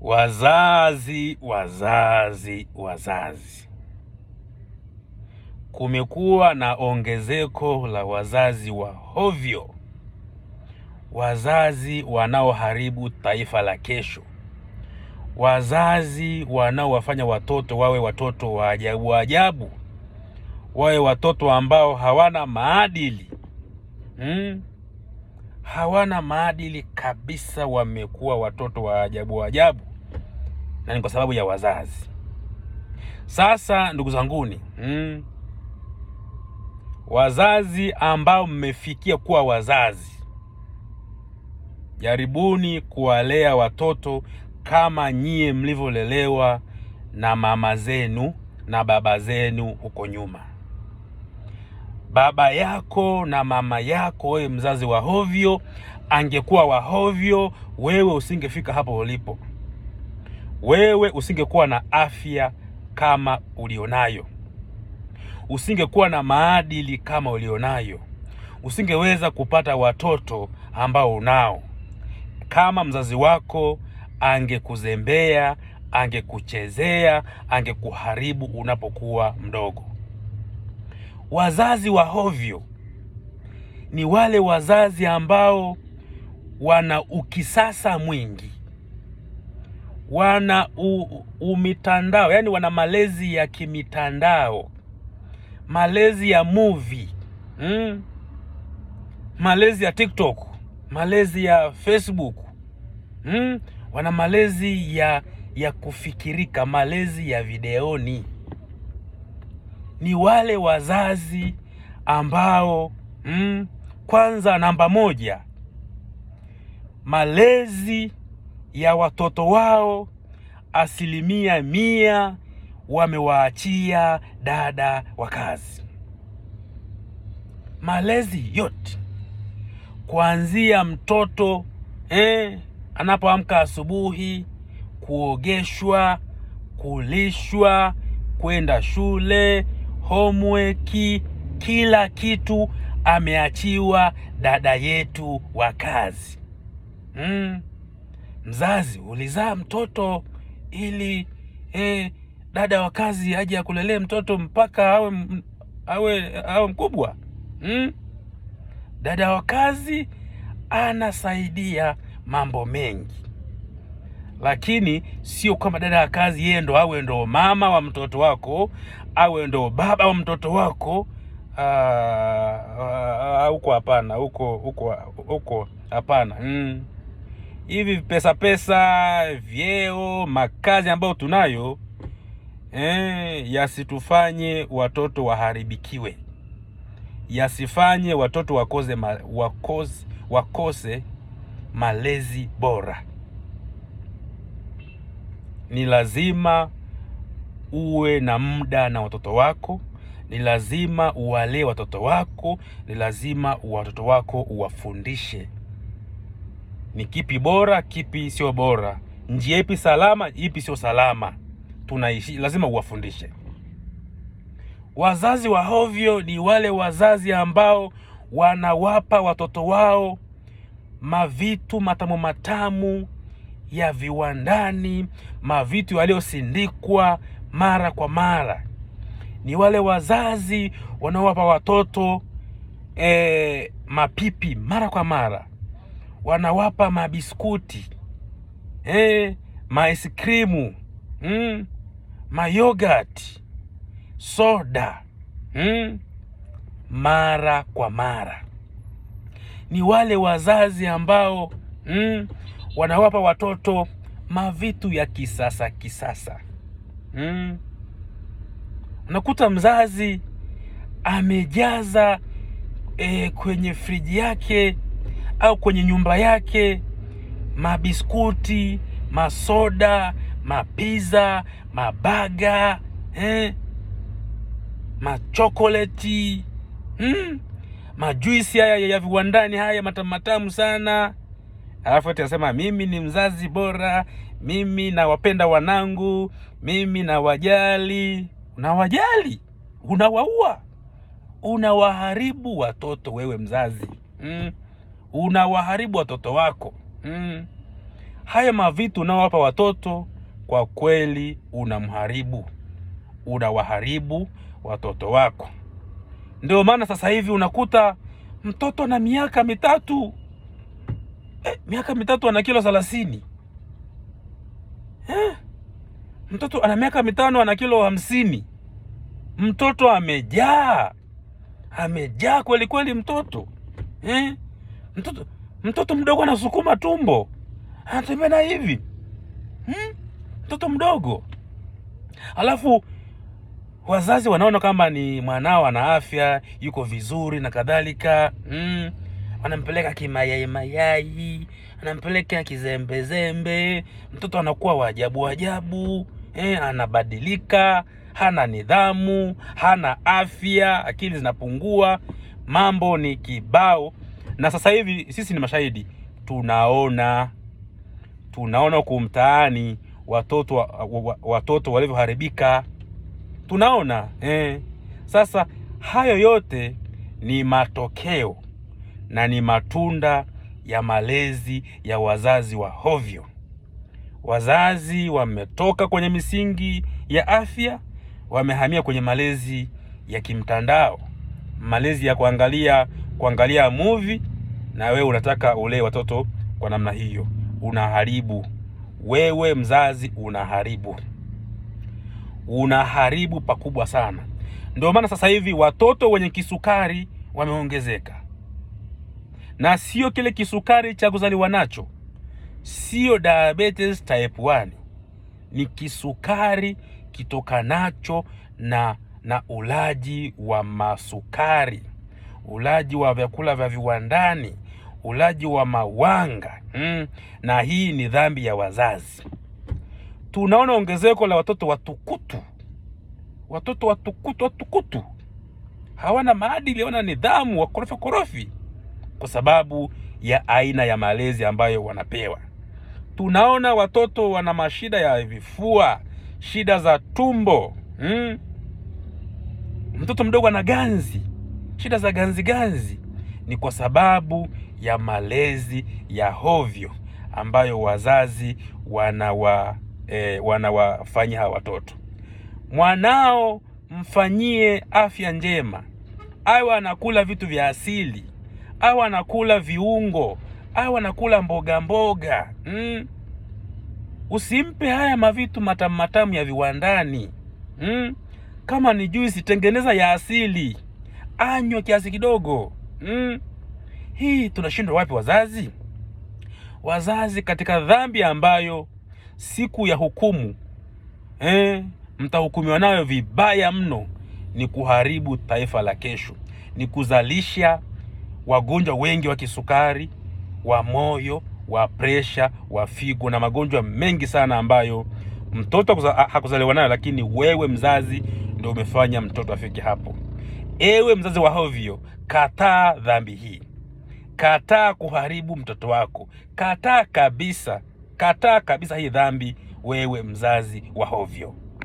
Wazazi, wazazi, wazazi. Kumekuwa na ongezeko la wazazi wa hovyo, wazazi wanaoharibu taifa la kesho, wazazi wanaowafanya watoto wawe watoto wa ajabu ajabu, wawe watoto ambao hawana maadili hmm? hawana maadili kabisa, wamekuwa watoto wa ajabu ajabu na ni kwa sababu ya wazazi. Sasa ndugu zanguni, mm, wazazi ambao mmefikia kuwa wazazi, jaribuni kuwalea watoto kama nyie mlivyolelewa na mama zenu na baba zenu huko nyuma. Baba yako na mama yako, wewe mzazi wa hovyo, angekuwa wa hovyo, wewe usingefika hapo ulipo wewe usingekuwa na afya kama ulionayo, usingekuwa na maadili kama ulionayo, usingeweza kupata watoto ambao unao kama mzazi wako angekuzembea, angekuchezea, angekuharibu unapokuwa mdogo. Wazazi wa hovyo ni wale wazazi ambao wana ukisasa mwingi, wana u, umitandao, yani wana malezi ya kimitandao, malezi ya movie mm, malezi ya TikTok, malezi ya Facebook mm, wana malezi ya ya kufikirika, malezi ya videoni. Ni wale wazazi ambao mm, kwanza namba moja malezi ya watoto wao asilimia mia wamewaachia dada wa kazi. Malezi yote kuanzia mtoto eh, anapoamka asubuhi, kuogeshwa, kulishwa, kwenda shule, homework, kila kitu ameachiwa dada yetu wa kazi mm mzazi, ulizaa mtoto ili e, dada wa kazi aje akulelee mtoto mpaka awe, awe, awe mkubwa hmm? Dada wa kazi anasaidia mambo mengi, lakini sio kwamba dada wa kazi yeye ndo awe ndo mama wa mtoto wako, awe ndo baba wa mtoto wako. Ah, ah, ah, huko hapana, huko huko huko hapana. Hmm hivi pesa pesa, vyeo, makazi ambayo tunayo eh, yasitufanye watoto waharibikiwe, yasifanye watoto wakose, ma, wakose, wakose malezi bora. Ni lazima uwe na muda na watoto wako, ni lazima uwalee watoto wako, ni lazima watoto wako uwafundishe ni kipi bora, kipi sio bora, njia ipi salama, ipi sio salama. Tunaishi, lazima uwafundishe. Wazazi wa hovyo ni wale wazazi ambao wanawapa watoto wao mavitu matamu matamu ya viwandani, mavitu yaliyosindikwa mara kwa mara. Ni wale wazazi wanaowapa watoto e, mapipi mara kwa mara wanawapa mabiskuti eh, maiskrimu mm, mayogati, soda mm, mara kwa mara. Ni wale wazazi ambao mm, wanawapa watoto mavitu ya kisasa kisasa mm. Unakuta mzazi amejaza e, kwenye friji yake au kwenye nyumba yake, mabiskuti, masoda, mapiza, mabaga eh, machokoleti hmm? majuisi haya ya viwandani haya matamu matamu sana, alafu ati anasema mimi ni mzazi bora, mimi nawapenda wanangu, mimi nawajali. Unawajali? Unawaua, unawaharibu watoto wewe mzazi hmm? unawaharibu watoto wako mm. Haya mavitu unaowapa watoto kwa kweli unamharibu, unawaharibu watoto wako. Ndio maana sasa hivi unakuta mtoto na miaka mitatu eh, miaka mitatu ana kilo thelathini eh, mtoto ana miaka mitano ana kilo hamsini Mtoto amejaa amejaa kweli kweli mtoto eh mtoto, mtoto mdogo anasukuma tumbo anatembea na hivi hmm? Mtoto mdogo alafu wazazi wanaona kama ni mwanao ana afya yuko vizuri na kadhalika hmm? Anampeleka kimayai mayai, anampeleka kizembezembe, mtoto anakuwa wajabu ajabu eh, anabadilika, hana nidhamu, hana afya, akili zinapungua, mambo ni kibao na sasa hivi sisi ni mashahidi, tunaona tunaona huku mtaani watoto watoto walivyoharibika tunaona eh. Sasa hayo yote ni matokeo na ni matunda ya malezi ya wazazi wa hovyo. Wazazi wametoka kwenye misingi ya afya, wamehamia kwenye malezi ya kimtandao, malezi ya kuangalia kuangalia movie na wewe unataka ulee watoto kwa namna hiyo, unaharibu wewe mzazi, unaharibu unaharibu pakubwa sana. Ndio maana sasa hivi watoto wenye kisukari wameongezeka, na sio kile kisukari cha kuzaliwa nacho, sio diabetes type 1, ni kisukari kitokanacho na na ulaji wa masukari ulaji wa vyakula vya viwandani, ulaji wa mawanga mm, na hii ni dhambi ya wazazi. Tunaona ongezeko la watoto watukutu, watoto watukutu, watukutu hawana maadili, hawana nidhamu, wakorofi korofi, kwa sababu ya aina ya malezi ambayo wanapewa. Tunaona watoto wana mashida ya vifua, shida za tumbo mm. Mtoto mdogo ana ganzi, Shida za ganziganzi ni kwa sababu ya malezi ya hovyo ambayo wazazi wanawa eh, wanawafanyia hawa watoto. Mwanao mfanyie afya njema, awe anakula vitu vya asili, awe anakula viungo, awe anakula mboga mboga mm. Usimpe haya mavitu matamu matamu ya viwandani mm. Kama ni juisi, tengeneza ya asili anywa kiasi kidogo mm. Hii tunashindwa wapi wazazi? Wazazi katika dhambi ambayo siku ya hukumu eh, mtahukumiwa nayo vibaya mno, ni kuharibu taifa la kesho, ni kuzalisha wagonjwa wengi wa kisukari, wa moyo, wa presha, wa figo na magonjwa mengi sana ambayo mtoto hakuzaliwa nayo, lakini wewe mzazi ndio umefanya mtoto afike hapo. Ewe mzazi wa hovyo, kataa dhambi hii, kataa kuharibu mtoto wako, kataa kabisa, kataa kabisa hii dhambi, wewe mzazi wa hovyo.